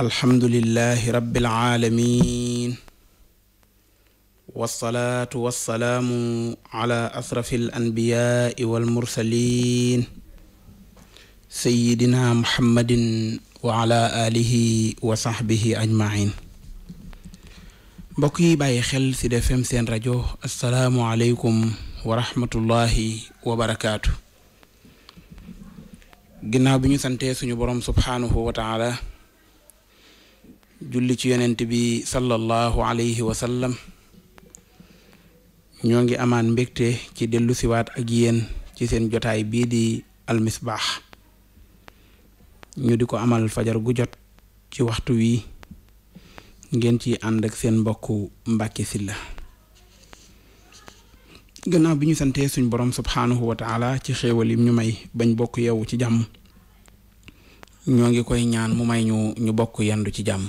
alhamdulilahi rabbil aalamiin wassalaatu wassalaamu ala asrafil anbiyaai wal mursaliin sayyidina muhammadin wa ala aalihi wa saxbihi ajmain mbokk yi bàyyi xel ci Sud FM seen rajo asalaamu aleykum wa rahmatullahi wa barakaatu ginnaaw bi ñu santee suñu borom subhaanahu wa taala julli ci yonent bi sallallahu alayhi wa sallam ñoo ngi amaan mbégte ci dellu siwaat ak yéen ci seen jotaay bii di almisbaax ñu di ko amal fajar gu jot ci waxtu wi ngeen ci ànd seen mbokku Mbàkke Sylla gannaaw bi ñu santee suñu borom subhaanahu wa taala ci xéewal yim ñu may bañ bokk yeewu ci jàmm ñoo ngi koy ñaan mu may ñu ñu bokk yendu ci jàmm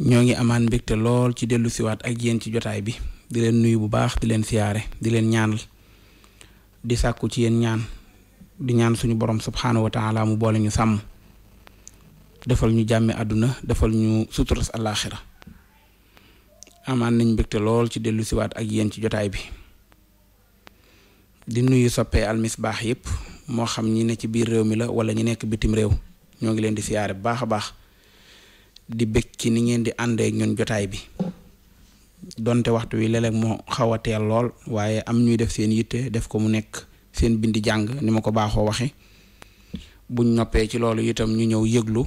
ñoo ngi amaan mbégte lool ci dellu siwaat ak yéen ci jotaay bi di leen nuyu bu baax di leen siyaare di leen ñaanal di sàkku ci yéen ñaan di ñaan suñu borom subhaanahu wa taala mu boole ñu sàmm defal ñu jàmme àdduna defal ñu suturas àllaaxira amaan nañ mbégte lool ci dellu siwaat ak yéen ci jotaay bi di nuyu soppee baax yépp moo xam ñi ne ci biir réew mi la wala ñi nekk bitim réew ñoo ngi leen di siyaare bu baax a baax di bég ci ni ngeen di àndee ak ñun jotaay bi donte waxtu wi léeg moo xaw a teel lool waaye am ñuy def seen yitte def ko mu nekk seen bindi jàng ni ma ko baaxoo waxe buñ noppee ci loolu itam ñu ñëw yëglu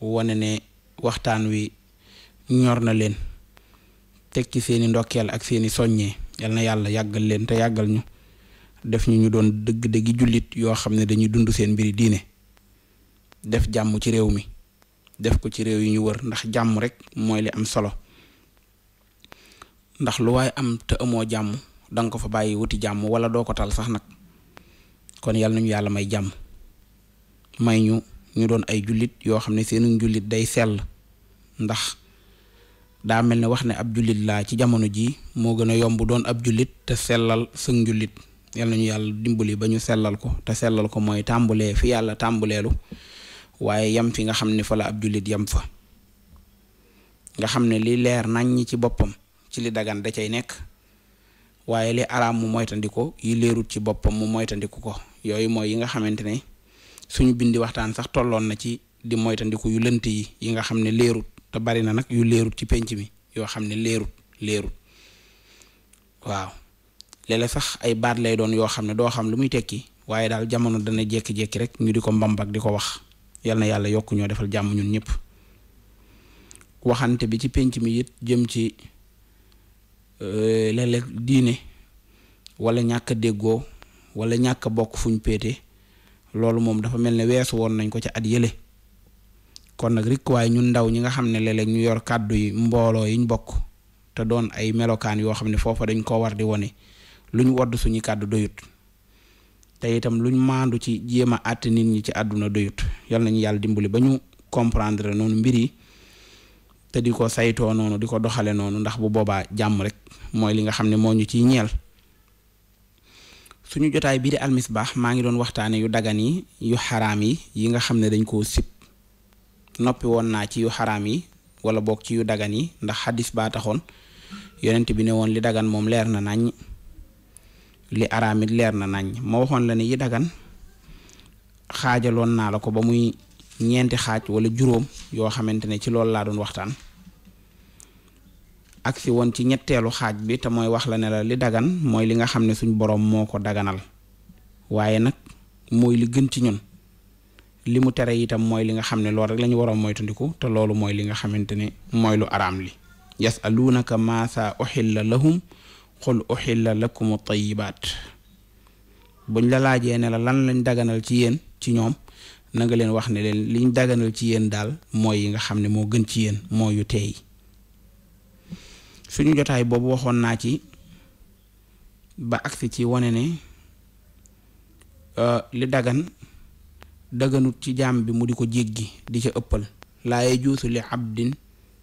wane ne waxtaan wi ñor na leen teg ci seen i ndokkeel ak seeni i soññee yal na yàlla yàggal leen te yàggal ñu def ñu ñu doon dëgg-dëggi jullit yoo xam ne dañuy dund seen mbiri diine def jàmm ci réew mi def ko ci réew yi ñu wër ndax jàmm rek mooy li am solo ndax lu waaye am te amoo jàmm danga ko fa bàyyi wuti jàmm wala doo ko tal sax nag kon yal nañu yàlla may jàmm may ñu ñu doon ay jullit yoo xam ne seenu jullit day sell ndax daa mel ne wax ne ab jullit laa ci jamono ji moo gën a yomb doon ab jullit te sellal sëg njullit yal nañu yàlla dimbali ba ñu sellal ko te sellal ko mooy tàmbulee fi yàlla tàmbuleelu waaye yam fi nga xam ne fa la ab jullit yam fa nga xam ne li leer nañ ñi ci boppam ci li dagan da cay nekk waaye li araam mu moytandiku yi leerut ci boppam mu moytandiku ko yooyu mooy yi nga xamante ne suñu bindi waxtaan sax tolloon na ci di moytandiku yu lënt yi yi nga xam ne leerut te bari na nag yu leerut ci penc mi yoo xam ne leerut leerut waaw léeg sax ay baat lay doon yoo xam ne doo xam lu muy tekki waaye daal jamono dana jékki-jékki rek ñu di ko mbambak di ko wax yal na yàlla yokk ñoo defal jàmm ñun ñëpp waxante bi ci pénc mi yit jëm ci euh, léeg diine wala ñàkk a déggoo wala ñàkk bokk fuñ péete loolu moom dafa mel ne weesu woon nañ ko ci at yële kon nag rek waaye ñun ndaw ñi nga xam ne léeg ñu yor kàddu yi mbooloo yi bokk te doon ay melokaan yoo xam ne foofa dañ koo war di wone lu ñu wodd suñu kàddu doyut te itam lu ñu maandu ci jéem a àtte nit ñi ci àdduna doyut yal nañu yàlla dimbali ba ñu comprendre noonu mbir yi te di ko saytoo noonu di ko doxale noonu ndax bu boobaa jàmm rek mooy li nga xam ne moo ñu ciy ñeel suñu jotaay bii di Al Misbah maa ngi doon waxtaane yu dagan yi yu xaraam yi yi nga xam ne dañ koo sip noppi woon naa ci yu xaraam yi wala boog ci yu dagan yi ndax xadis baa taxoon yonent bi ne woon li dagan moom leer na naññ li araam leer na nañ ma waxoon la ne yi dagan xaajaloon naa la ko ba muy ñeenti xaaj wala juróom yoo xamante ne ci loolu laa doon waxtaan ak woon ci ñetteelu xaaj bi te mooy wax la ne la li dagan mooy li nga xam ne suñ boroom moo ko daganal waaye nag mooy li gën ci ñun li mu tere itam mooy li nga xam ne loolu rek lañu ñu war moytandiku te loolu mooy li nga xamante ne mooy lu araam li yasaluunaka maasa uxilla lahum xul la lakumu tayibaat buñ la laajee ne la lan lañ daganal ci yéen ci ñoom na leen wax ne leen liñ daganal ci yéen daal mooy yi nga xam ne moo gën ci yéen moo yu teey suñu jotaay boobu waxoon naa ci ba agsi ci wone ne euh, li dagan daganut ci jaam bi mu di ko jéggi di ca ëppal laa yajuusu li abdin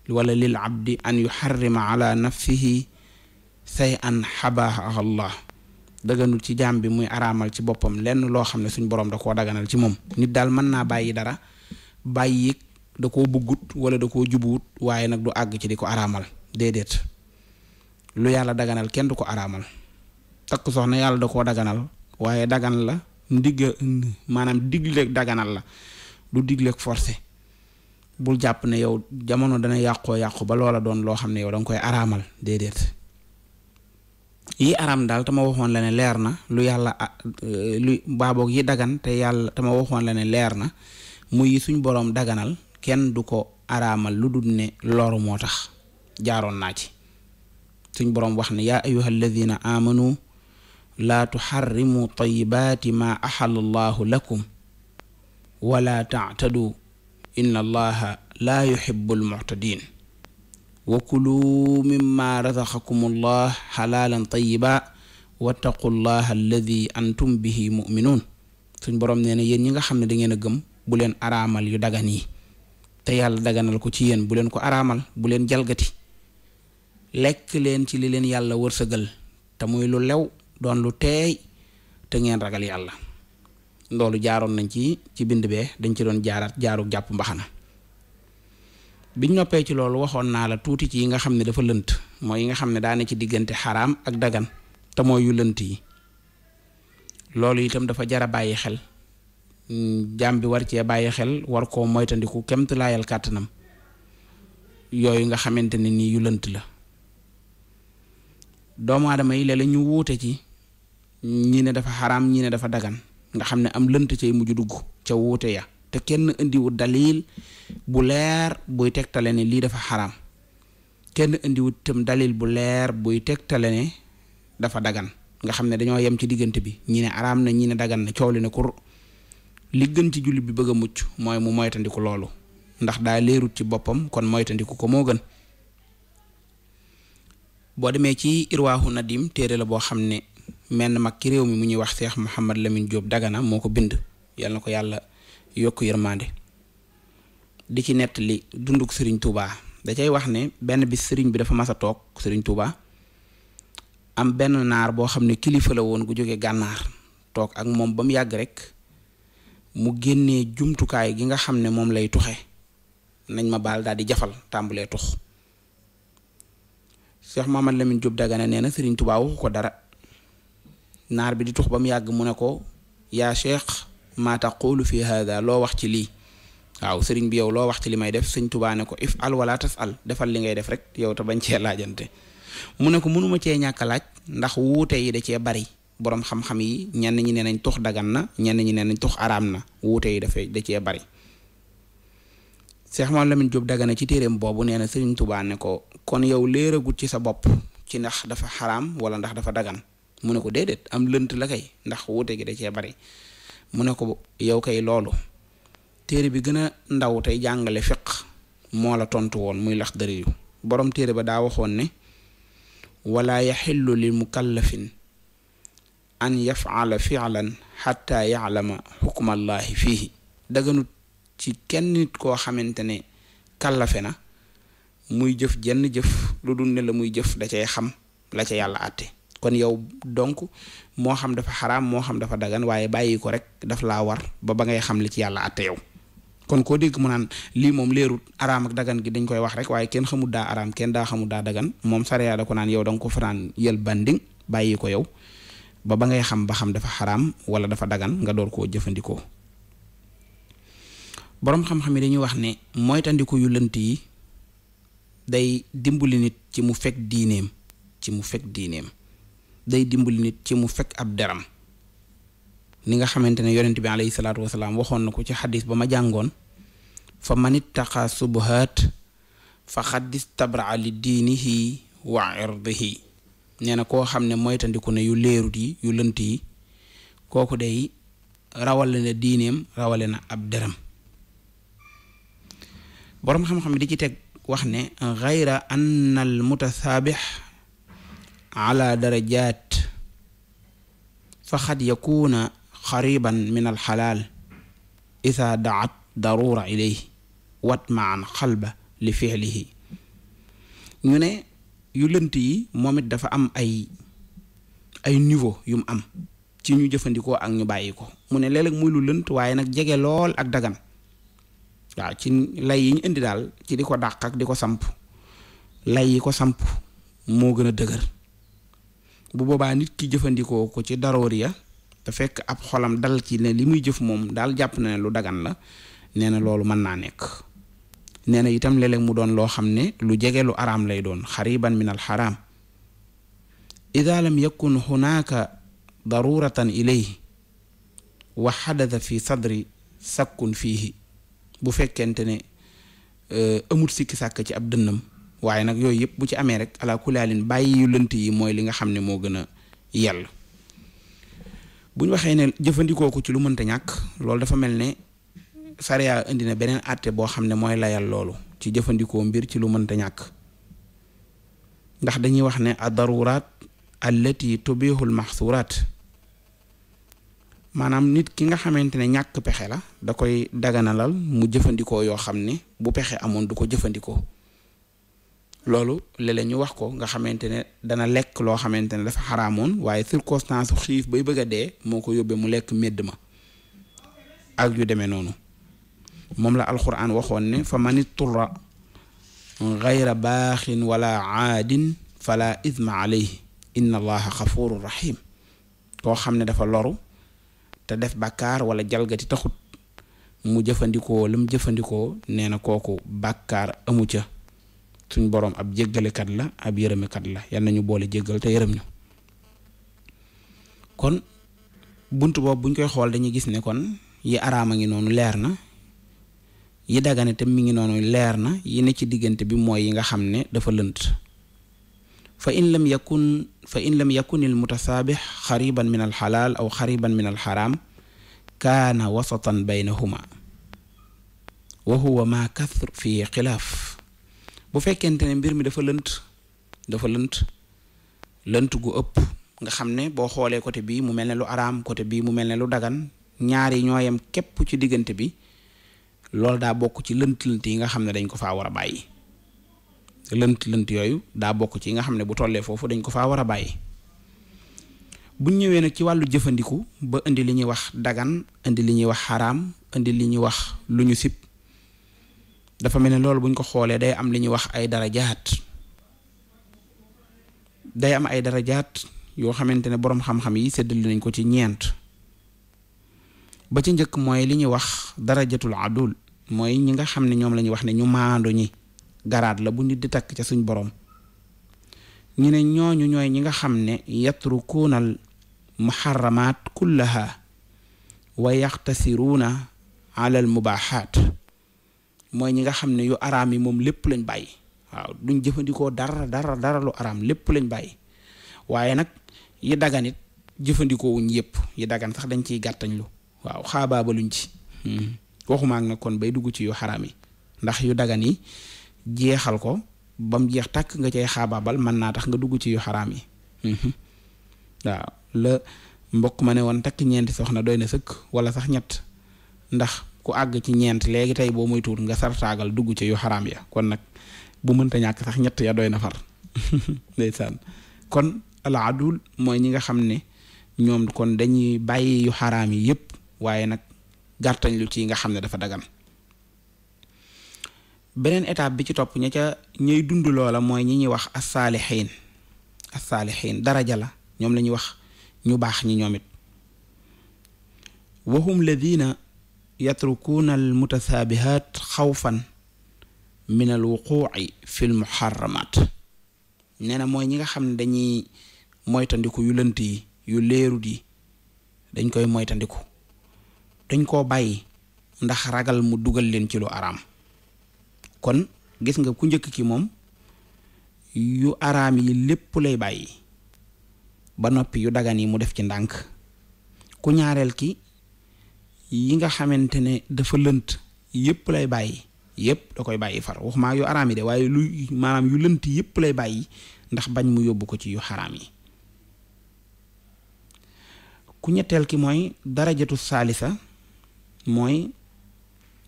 wala lil abdi an yuxarrima ala nafsihi say an xabaaha allah daganul ci jaam bi muy araamal ci boppam lenn loo xam ne suñ boroom da koo daganal ci moom nit daal mën naa bàyyi dara bàyyi da koo bëggut wala da koo jubuwut waaye nag du àgg ci di ko araamal déedéet lu yàlla daganal kenn du ko araamal takk soxna yàlla da koo daganal waaye dagan la ndigg maanaam digleeg daganal la du digleek forcé bul jàpp ne yow jamono dana yàqoo yàqu ba loola doon loo xam ne yow da koy araamal déedéet yi araam daal tama waxoon la ne leer na lu yàlla euh, lu yi dagan te yàlla tama waxoon la ne leer na muy suñ boroom daganal kenn du ko araamal lu dul ne loru moo tax jaaroon naa ci suñ boroom wax ne yaa ayyuha alladina amanu laa tuxarrimu tayibaati maa axala allahu lakum wala tactadu inna allaha laa yuxibu almuctadin wa kuluu mimma razaqakum allah xalaalan tayiba wattaqu llaha alladi antum bihi muminuun suñ boroom nee na yéen ñi nga xam ne dangeen a gëm bu leen araamal yu yi te daganal ko ci yéen bu leen ko araamal bu leen jalgati lekk leen ci li leen yàlla wërsëgal muy lu lew doon lu teey te ngeen ragal yàlla ndoolu jaaroon nañ ci ci bind bee dañ ci doon jaaraat jaaru jàpp mbaxana biñ noppee ci loolu waxoon naa la tuuti ci yi nga xam ne dafa lënt mooy yi nga xam ne daane ci diggante xaraam ak dagan te mooy yu lënt yi loolu itam dafa jara bàyyi xel jaam bi war cee bàyyi xel war koo moytandiku kemt laayal kàttanam yooyu nga xamante ne nii yu lënt la doomu aadama yi léeg-léeg wuute ci ñi ne dafa xaram ñi ne dafa dagan nga xam ne am lënt cay mujj dugg ca wuute ya te kenn indiwu dalil bu leer buy tegtale ne lii dafa xaram kenn indiwut tam daliil bu leer buy tegtale ne dafa dagan nga xam ne dañoo yem ci diggante bi ñi ne araam na ñi ne dagan na coow li ne kur li gën ci jullit bi bëgg a mucc mooy mu moytandiku loolu ndax daa leerut ci boppam kon moytandiku ko moo gën boo demee ci irwaahu nadim téere la boo xam ne menn mag ki réew mi mu ñuy wax Cheikh Mouhamad Lamine jóob Dagana moo ko bind yal na ko yàlla yokk yërmande di ci nettali dunduk Serigne Touba da cay wax ne benn bi sëriñ bi dafa mas a toog sëriñ Touba am benn naar boo xam ne kilifa la woon gu jóge gànnaar toog ak moom ba mu yàgg rek mu génnee jumtukaay gi nga xam ne moom lay tuxe nañ ma baal daal di jafal tàmbulee tux Cheikh Mouhamad Lamine Diop Dagana nee na Serigne waxu ko dara. naar bi di tux ba mu yàgg mu ne ko yaa cheikh maa taqulu fi hada loo wax ci lii waaw sëriñ bi yow loo wax ci li may def sëñ tubaa ko if al wala tas al defal li ngay def rek yow te bañ cee laajante mu ne ko mënuma cee ñàkk laaj ndax wuute yi da cee bari boroom xam-xam yi ñenn ñi ne nañ tux dagan na ñenn ñi ne nañ tux araam na wuute yi dafay da cee bari Cheikh Mame Lamine Diop Dagana ci téeréem boobu nee na Sëriñ Tubaa ko kon yow léeragut ci sa bopp ci ndax dafa xaraam wala ndax dafa dagan mu ne ko déedéet am lënt la kay ndax wuute gi da cee bari mu ne ko yow kay loolu téere bi gën a ndaw tey jàngale fiq moo la tontu woon muy lax dëri yu borom téere ba daa waxoon ne wala yaxillu mu mukallafin an yafala filan xatta yaalama xukmallahi fiihi daganut ci kenn nit koo xamante ne kàllafe na muy jëf jenn jëf lu dul ne la muy jëf da cay xam la ca yàlla àtte kon yow donc moo xam dafa xaraam moo xam dafa dagan waaye bàyyi ko rek daf laa war ba ba ngay xam li ci yàlla àtte yow kon koo dégg mu naan lii moom leeru araam ak dagan gi dañ koy wax rek waaye kenn xamul daa araam kenn daa xamul daa dagan moom sariya da ko naan yow da nga ko fanaan yël banding bàyyi ko yow ba ba ngay xam ba xam dafa xaraam wala dafa dagan nga door koo jëfandikoo boroom xam-xam yi dañuy wax ne moytandiku yu lënt yi day dimbali nit ci mu fekk diineem ci mu fekk diineem day dimbali nit ci mu fekk ab deram ni nga xamante ne yonent bi alayhi salaatu wasalaam waxoon na ko ci xadis ba ma jàngoon fa manit ittaqa subhaat fa xaddis tabraa li diinihi wa irdihi nee koo xam ne moytandiku ne yu leerut yi yu lënt yi kooku day rawale na diineem rawale na ab deram boroom xam-xam di ci teg wax ne gayra anna mutasaabix ala darajaat fa xad yakuuna xariban min alxalaal ida daat daruura ilayhi wat maan xalba li fiilihi ñu ne yu lënt yi moom it dafa am ay ay niveau yu mu am ci ñu jëfandikoo ak ñu bàyyi ko mu ne léeg-léeg muy lu lënt waaye nag jege lool ak dagan waaw ci lay yi ñu indi daal ci di ko dàq ak di ko samp lay yi ko samp moo gën a dëgër bu boobaa nit ki jëfandikoo ko ci darooriya te fekk ab xolam dal ci ne li muy jëf moom daal jàpp na ne lu dagan la nee na loolu mën naa nekk nee na itam léeg mu doon loo xam ne lu jege lu araam lay doon xariban min al xaraam ida lam yakun hunaaka daruratan ilayhi wax xadata fi sadri sakkun fii bu fekkente ne euh, amut sikki sàkk ci ab dënnam waaye nag yooyu yëpp bu ci amee rek ala kulaalin bàyyi yu lënt yi mooy li nga xam ne moo gën a yell bu waxee ne jëfandikoo ko ci lu mënta ñàkk loolu dafa mel ne sariya indi na beneen àtte boo xam ne mooy layal loolu ci jëfandikoo mbir ci lu mënta ñàkk ndax dañuy wax ne a daruraat allati tubihul maxsuraat maanaam nit ki nga xamante ne ñàkk pexe la da koy daganalal mu jëfandikoo yoo xam ne bu pexe amoon du ko jëfandikoo loolu léeg-léeg ñu wax ko nga xamante ne dana lekk loo xamante ne dafa xaramoon waaye circonstance xiif bay bëgg a dee moo ko yóbbee mu lekk medd ma ak yu demee noonu moom la alxuraan waxoon ne fa mani turra gayra baaxin wala aadin fala isma alayhi inna allaha xafurun rahim koo xam ne dafa loru te def bàkkaar wala jalgati taxut mu jëfandikoo lu mu jëfandikoo nee na kooku bàkkaar amu ca suñ boroom ab jéggalekat la ab yërëmekat la yal nañu boole jéggal te yërëm ñu kon bunt boobu buñ koy xool dañuy gis ne kon yi araam a ngi noonu leer na yi dagane tam mi ngi noonu leer na yi ne ci diggante bi mooy yi nga xam ne dafa lënt fa in lam yakun fa in lam yakunil mutasaabix xariban min xalaal aw xariban min xaraam kaana wasatan baynahuma xuma huwa ma kathur fi xilaaf bu fekkente ne mbir mi dafa lënt dafa lënt lënt gu ëpp nga xam ne boo xoolee côté bii mu mel ne lu araam côté bii mu mel ne lu dagan ñaari yi ñoo yem képp ci diggante bi loolu daa bokk ci lënt-lënt yi nga xam ne dañ ko faa war a bàyyi lënt-lënt yooyu daa bokk ci yi nga xam ne bu tollee foofu dañ ko faa war a bàyyi buñ ñëwee nag ci wàllu jëfandiku ba indi li ñuy wax dagan indi li ñuy wax xaraam indi li ñuy wax lu ñu sib dafa mel ne loolu buñ ko xoolee day am li ñuy wax ay darajaat day am ay darajaat yoo xamante ne boroom xam-xam yi séddale nañ ko ci ñeent ba ci njëkk mooy li ñuy wax darajatul adul mooy ñi nga xam ne ñoom lañuy wax ne ñu maandu ñi garaat la bu nit di takk ca suñ borom ñu ne ñooñu ñooy ñi nga xam ne yatrukuunal muharramaat kullaha wa yaxtasiruuna ala al mubaaxaat mooy ñi nga xam ne yu araam yi moom lépp lañ bàyyi waaw duñ jëfandikoo dara dara dara lu araam lépp lañ bàyyi waaye nag yi daganit it jëfandikoo wuñ yëpp yi dagan sax dañ ciy gàttañ lu waaw xaabaaba luñ ci hmm. waxumaa nag kon bay dugg ci yu xaraam yi ndax yu dagan yi jeexal ko ba mu jeex tàkk nga cay xaabaabal man naa tax nga dugg ci yu xaraam yi hmm. waaw la mbokk ma ne woon takk ñeenti soxna doy na sëkk wala sax ñett ndax ku àgg ci ñeent léegi tey boo muy tuut nga sartaagal dugg ci yu xaram ya kon nag bu mënta ñàkk sax ñett ya doy na far kon al adul mooy ñi nga xam ne ñoom kon dañuy bàyyi yu xaraam yi yépp waaye nag gàttañ lu ci nga xam ne dafa dagan beneen étape bi ci topp ña ca ñuy dund loola mooy ñi ñuy wax assaalixiin assaalixiin daraja la ñoom la wax ñu baax ñi ñoom it wahum yatrukuuna al mutasaabihaat xawfan min al wuquuci fi l muharramaat nee na mooy ñi nga xam ne dañuy moytandiku yu lënt yi yu leerut yi dañ koy moytandiku dañ koo bàyyi ndax ragal mu dugal leen ci lu araam kon gis nga ku njëkk ki moom yu araam yi lépp lay bàyyi ba noppi yu dagan yi mu def ci ndànk ku ñaareel ki yi nga xamante ne dafa lënt yépp lay bàyyi yépp da koy bàyyi far waxumaa yu araam yi de waaye lu maanaam yu lënt yépp lay bàyyi ndax bañ mu yóbbu ko ci yu xaraam yi ku ñetteel ki mooy darajatu saalisa mooy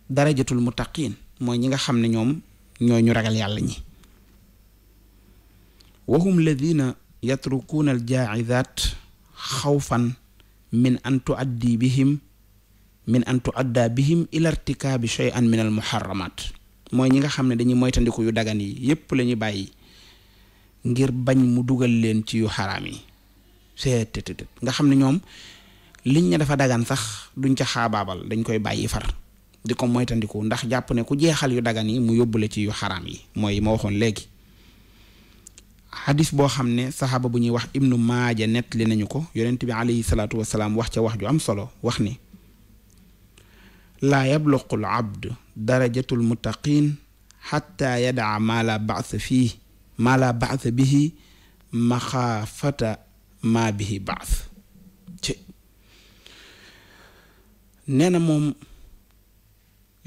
darajatul muttaqiin mooy ñi nga xam ne ñoom ñooy ñu ragal yàlla ñi wahum ladina yatrukuuna al jaaidaat xawfan min an tuaddi bihim min an tuadda bihim ila irtikaabi shay'an min al muharramat mooy ñi nga xam ne dañuy moytandiku yu dagan yi yépp la bàyyi ngir bañ mu dugal leen ci yu xaraam yi seetetetet nga xam ne ñoom liñ ne dafa dagan sax duñ ca xaabaabal dañ koy bàyyi far di ko moytandiku ndax jàpp ne ku jeexal yu dagan yi mu yóbbule ci yu xaraam yi mooy ma waxoon léegi xadis boo xam ne saxaaba bu ñuy wax nu maaja nett li nañu ko yonent bi alayhi salaatu wasalaam wax ca wax ju am solo wax ni laa yabluqul abdu darajatul muttaqiin xatta yadaa maa laa ba'sa fii maa laa ba'sa bihi maxaafata maa bihi ba'sa ci nee na moom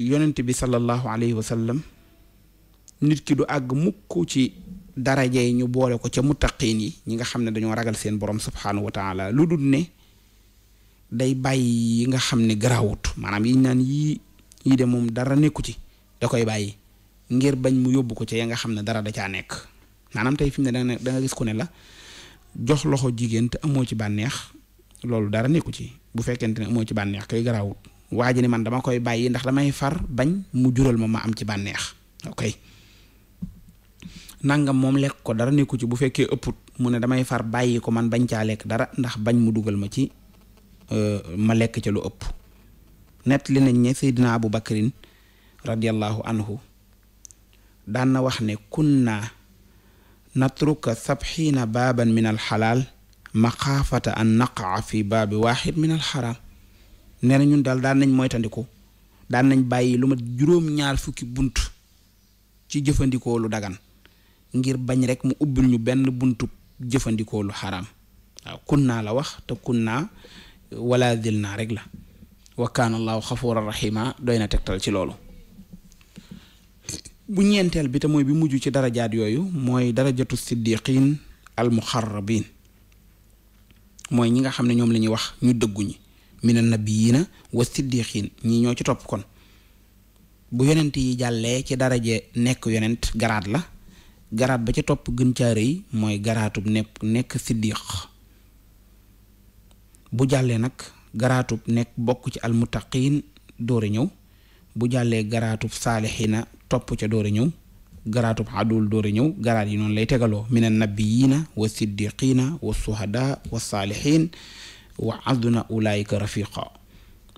yonent bi sallallahu alayhi wa sallam nit ki du àgg mukk ci daraja yi ñu boole ko ca muttaqiin yi ñi nga xam ne dañoo ragal seen borom subhaanahu wa lu dul ne day bàyyi yi nga xam ne garaawut maanaam yi naan yii yii de moom dara nekku ci da koy bàyyi ngir bañ mu yóbbu ko ci ya nga xam ne dara da caa nekk maanaam tey fi mu ne da gis ku ne la jox loxo jigéen amoo ci bànneex loolu dara nekku ci bu fekkente ne amoo ci bànneex koy garaawut waa ji ne man dama koy bàyyi ndax damay far bañ mu jural ma ma am ci bànneex ok nangam moom lekk ko dara nekku ci bu fekkee ëpput mu ne damay far bàyyi ko man bañ caa lekk dara ndax bañ mu dugal ma ci Euh, ma lekk ca lu ëpp nett li nañ ne Seydina Abu Bakrin radiallahu anhu daan na wax ne kunna natruka sabxiina baaban min al xalaal maxaafata an naqaa fi baabi waaxid min al xaraam nee ñun daal daan nañ moytandiku daan nañ bàyyi lu ma juróom-ñaar fukki bunt ci jëfandikoo dagan ngir bañ rekk mu ubbil ñu benn buntu jëfandikoolu xaraam waaw kun la wax te kun wala dil rek la wa kaana allahu doy na tegtal ci loolu bu ñeenteel bi te mooy bi mujj ci dara jaat yooyu mooy darajatu siddiqin al muxarrabin mooy ñi nga xam ne ñoom lañuy wax ñu dëggu ñi mina nabiyina wa siddiqin ñii ñoo ci topp kon bu yonent yi jàllee ci dara daraje nekk yonent garaat la garaat ba ca topp gën caa rëy mooy garaatub nekk nekk bu jàllee nag garaatub nekk bokk ci almuttaqiin doore ñëw bu jàllee garaatub saalixiina topp ca doore ñëw garaatub adul doore ñëw garaat yi noonu lay tegaloo min annabiyiina wa siddiqiina wa suhadaa wa saalixiin wa aduna ulaayika rafiqa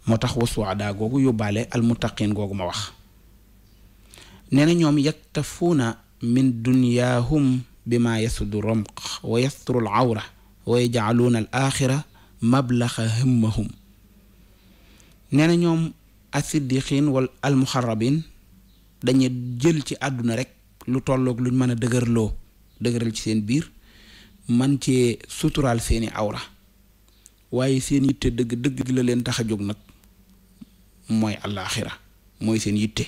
moo tax wa suhadaa googu yóbbaale almuttaqiin googu ma wax nee na ñoom yaktafuuna min dunyaahum bima yasudu romq wa yasturu al awra wa yajcaluuna al axira mablaxa hëmmahum nee na ñoom asiddiqin wal almuxarabin dañu jël ci àdduna rek lu tolloog luñ mën a dëgërloo dëgëral ci seen biir man ci suturaal seeni awra waaye seen yitte dëgg dëgg la leen tax a jóg nag mooy àllaaxira mooy seen yitte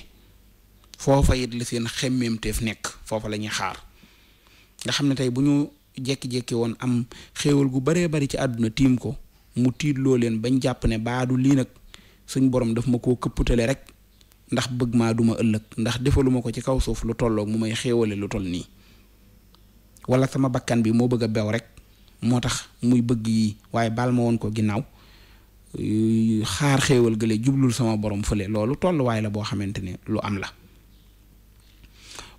foofa it la seen xemmeemteef nekk foofa lañuy xaar nga xam ne tey bu ñu jekki-jekki woon am xéewal gu baree bari ci àdduna tiim ko mu tiit loo leen bañ jàpp ne baadu lii nag suñ borom dafa ma koo këpputale rek ndax bëgg maa duma ëllëg ndax defaluma ko ci kaw suuf lu tolloog mu may xéewale lu toll nii wala sama bakkan bi moo bëgg a bew rek moo tax muy bëgg yi waaye baal ma woon ko ginnaaw xaar xéewal gële jublul sama borom fële loolu tolluwaay la boo xamante ne lu am la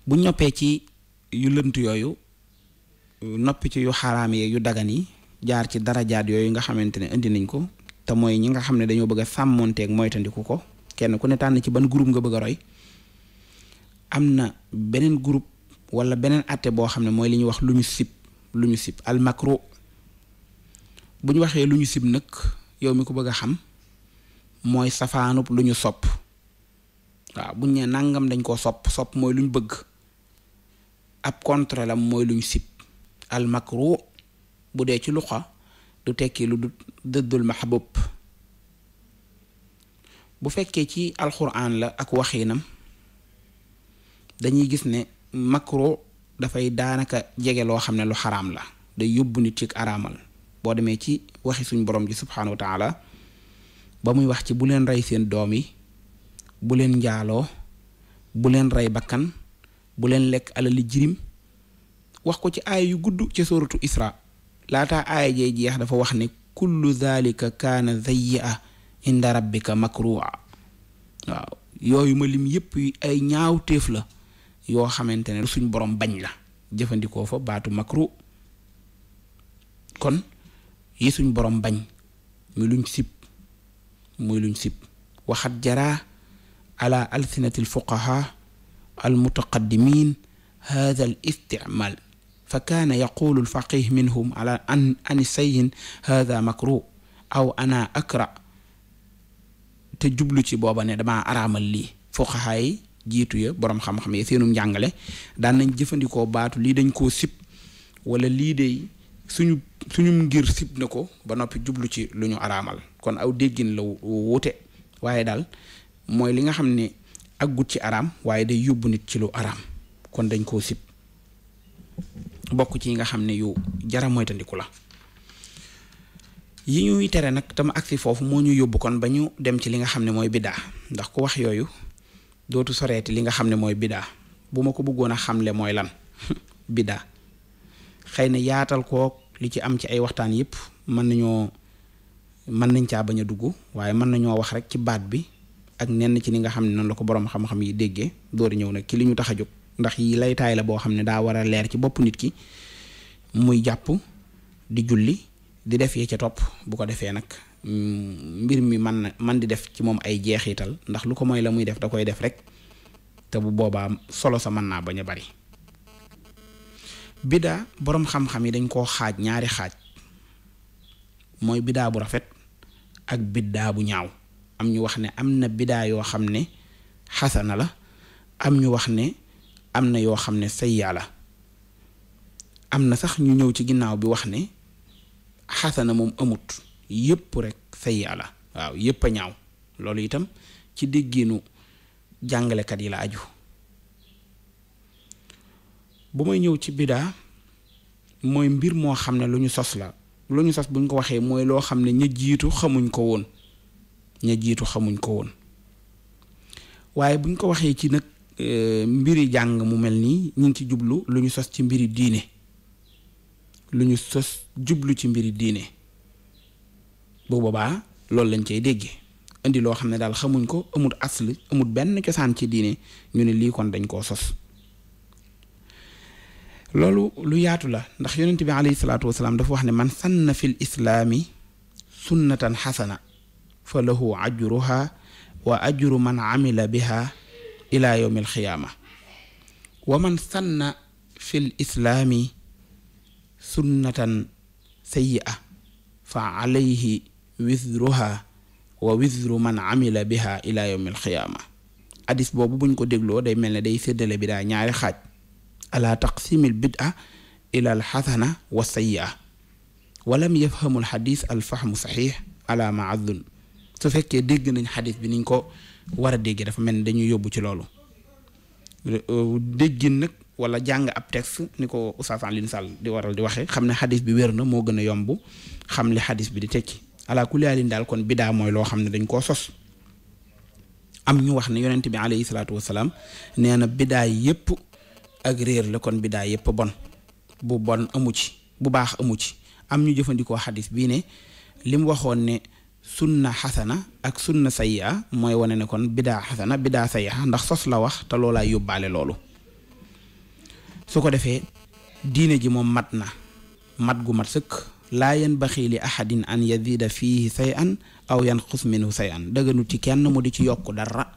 bu ñoppee ci yu lënt yooyu noppi ci yu xaraam yeeg yu dagan yi jaar ci dara jaar yooyu nga xamante ne indi nañ ko te mooy ñi nga xam ne dañoo bëgg a sàmmonteeg moytandiku ko kenn ku ne tànn ci ban group nga bëgga a roy am na beneen groupe wala beneen atte boo xam ne mooy li ñuy wax lu ñu sib lu ñu sib al bu ñu waxee lu ñu sib nag yow mi ko bëgg a xam mooy safaanub lu ñu sopp waaw buñ ne nangam dañ koo sopp sopp mooy lu ñu bëgg ab contre lam mooy lu ñu sib al makru bu dee ci luqa du tekki lu dëddul mahbub bu fekkee ci alxuraan la ak waxiinam dañuy gis ne makro dafay daanaka jege loo xam ne lu xaraam la day yóbbu nit ci araamal boo demee ci waxi suñ boroom ji subhaanahu wa ba muy wax ci bu leen rey seen doom yi bu leen njaaloo bu leen rey bakkan bu leen lekk alali jirim wax ko ci aay yu gudd ci sóoratu isra laata aaya jee jeex dafa wax ne kullu dhalika kaana dayya inda rabbika makrua waaw yooyu ma lim yépp ay ñaaw la yoo xamante ne suñ borom bañ la jëfandikoo fa baatu makru kon yi suñ borom bañ mi luñ sib muy luñ sib waxat jaraa ala alsinati alfuqaha almutaqaddimin hada fa kaana yaqulu alfaqih minhum ala an ani sayin hada makru aw ana akra te jublu ci booba ne damaa araamal lii fuqahaa yi jiitu ya boroom xam-xam yi seenum njàngale daan nañ jëfandikoo baatu lii dañ koo sib wala lii day suñu suñu ngir sib na ko ba noppi jublu ci lu ñu araamal kon aw déggin la wuute waaye daal mooy li nga xam ni aggut ci araam waaye day yóbbu nit ci lu araam kon dañ koo sib bokk ci yi nga xam ne yu jara moytandiku la yi ñuy tere nag tam agsi foofu moo ñu yóbbu kon ba ñu dem ci li nga xam ne mooy biddaa ndax ku wax yooyu dootu soreeti li nga xam ne mooy biddaa bu ma ko bëggoon a xam le mooy lan biddaa xëy na yaatal kook li ci am ci ay waxtaan yépp mën nañoo mën nañ caa bañ a dugg waaye mën nañoo wax rek ci baat bi ak nenn ci li nga xam ne noonu la ko boroom xam-xam yi déggee door ñëw nag ki li ñu tax a jóg ndax yi laytaay la boo xam ne daa war a leer ci bopp nit ki muy jàpp di julli di def yi ca topp bu ko defee nag mm, mbir mi man na man di def ci moom ay jeexital ndax lu ko moy la muy def da koy def rek te bu boobaa solo sa man naa bañ a bari bidaa boroom xam-xam yi dañ koo xaaj ñaari xaaj mooy biddaa bu rafet ak biddaa bu ñaaw am ñu wax ne am na biddaa yoo xam ne xasana la am ñu wax ne am na yoo xam ne sayya la am na sax ñu ñëw ci ginnaaw bi wax ne xasana moom amut yépp rekk sayya la waaw yépp a ñaaw loolu itam ci dégginu jàngalekat yi la aju bu may ñëw ci bidaa mooy mbir moo xam ne lu ñu sos la lu ñu sos buñ ko waxee mooy loo xam ne ña jiitu xamuñ ko woon ña jiitu xamuñ ko woon waaye buñ ko waxee ci nag Euh, mbiri jàng mu mel nii ñu ngi ci jublu lu ñu sos ci mbiri diine lu ñu sos jublu ci mbiri diine bu boobaa loolu lañ cay déggee indi loo xam ne daal xamuñ ko amut asl amut benn cosaan ci diine ñu ne lii kon dañ koo sos loolu lu yaatu la ndax yonent bi alayhi salaatu wasalaam dafa wax ne man sanna fil islaami sunnatan xasana fa lahu ajruha wa ajru man amila biha ilaa yowmi alxiyaama wa man sanna fi l islaami sunnatan sayyi'a fa alayhi wizruha wizru man amila biha ila yowmi alxiyaama hadis boobu buñ ko dégloo day mel ne day séddale bi ñaari xaaj ala taqsimil bida ila alxasana wa sayyi'a walam yafhamu alfahmu saxiix ala maazun su fekkee dégg nañ xadis bi niñ ko war a dégg dafa mel ni dañuy yóbbu ci loolu euh, déggin nag wala jàng ab texte ni ko Oustaz Alioune Sall di waral di waxe xam ne xadis bi wér na moo gën a yomb xam li xadis bi di tekki ala kulli haalin daal kon bidaa mooy loo xam ne dañ koo sos am ñu wax ne yonent bi alayhi salaatu wasalaam nee na bidaa yépp ak réer la kon yépp bon bu bon amu ci bu baax amu ci am ñu jëfandikoo xadis bii ne li waxoon ne sunna xasana ak sunna sayia mooy wane ne kon bidaa xasana bidaa sayia ndax sos la wax te loolaa yóbbaale loolu su ko defee diine ji moom mat na mat gu mat sëkk laa yanbaxi li ahadin an yazida fiihi say an aw yanqus minhu say an daganu ci kenn mu di ci yokk dara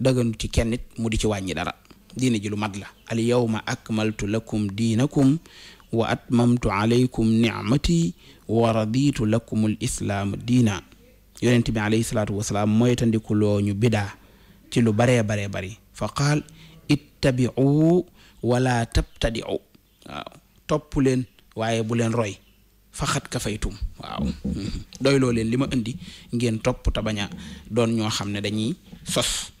daganu ci kenn it mu di ci wàññi dara diine ji lu mat la al yawma akmaltu lakum diinakum wa atmamtu alaykum nicmati wa raditu lakum al islaam diina yonent bi alayhi salaatu wasalaam tandiku loo ñu bidaa ci lu baree bare bari fa qaal ittabiu wala tabtadiu waaw topp leen waaye bu leen roy faxat ka faytum waaw doy loo leen li ma indi ngeen topp te bañ doon ñoo xam ne dañuy sos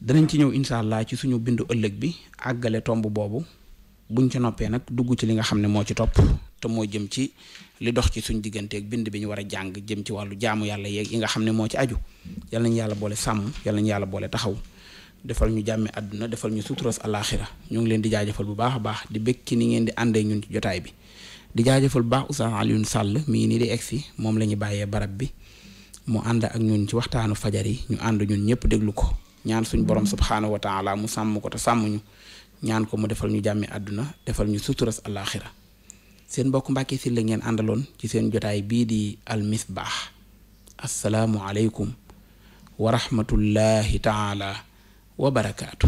danañ ci ñëw incha allah ci suñu bindu ëllëg bi àggale tomb boobu buñ ca noppee nag dugg ci li nga xam ne moo ci topp te moo jëm ci li dox ci suñ digganteeg bind bi ñu war a jàng jëm ci wàllu jaamu yàlla yeeg yi nga xam ne moo ci aju yal nañu yàlla boole sàmm yal yàlla boole taxaw defal ñu jàmme àdduna defal ñu suturas alaxira ñu ngi leen di jaajëfal bu baax a baax di bëgg ci ni ngeen di àndee ñun ci jotaay bi di jaajëfal bu baax Oustaz Alioune Sall mii nii di egsi moom la bàyyee barab bi mu ànd ak ñun ci waxtaanu fajar yi ñu ànd ñun ñëpp déglu ko ñaan suñ borom subhaanahu wa taala mu sàmm ko te ñaan ko mu defal ñu jàmme àdduna defal ñu suturas alaxira seen mbokk Mbàkke Sylla ngeen àndaloon ci seen jotaay bii di Al Misbah asalaamualeykum wa rahmatullahi taala wa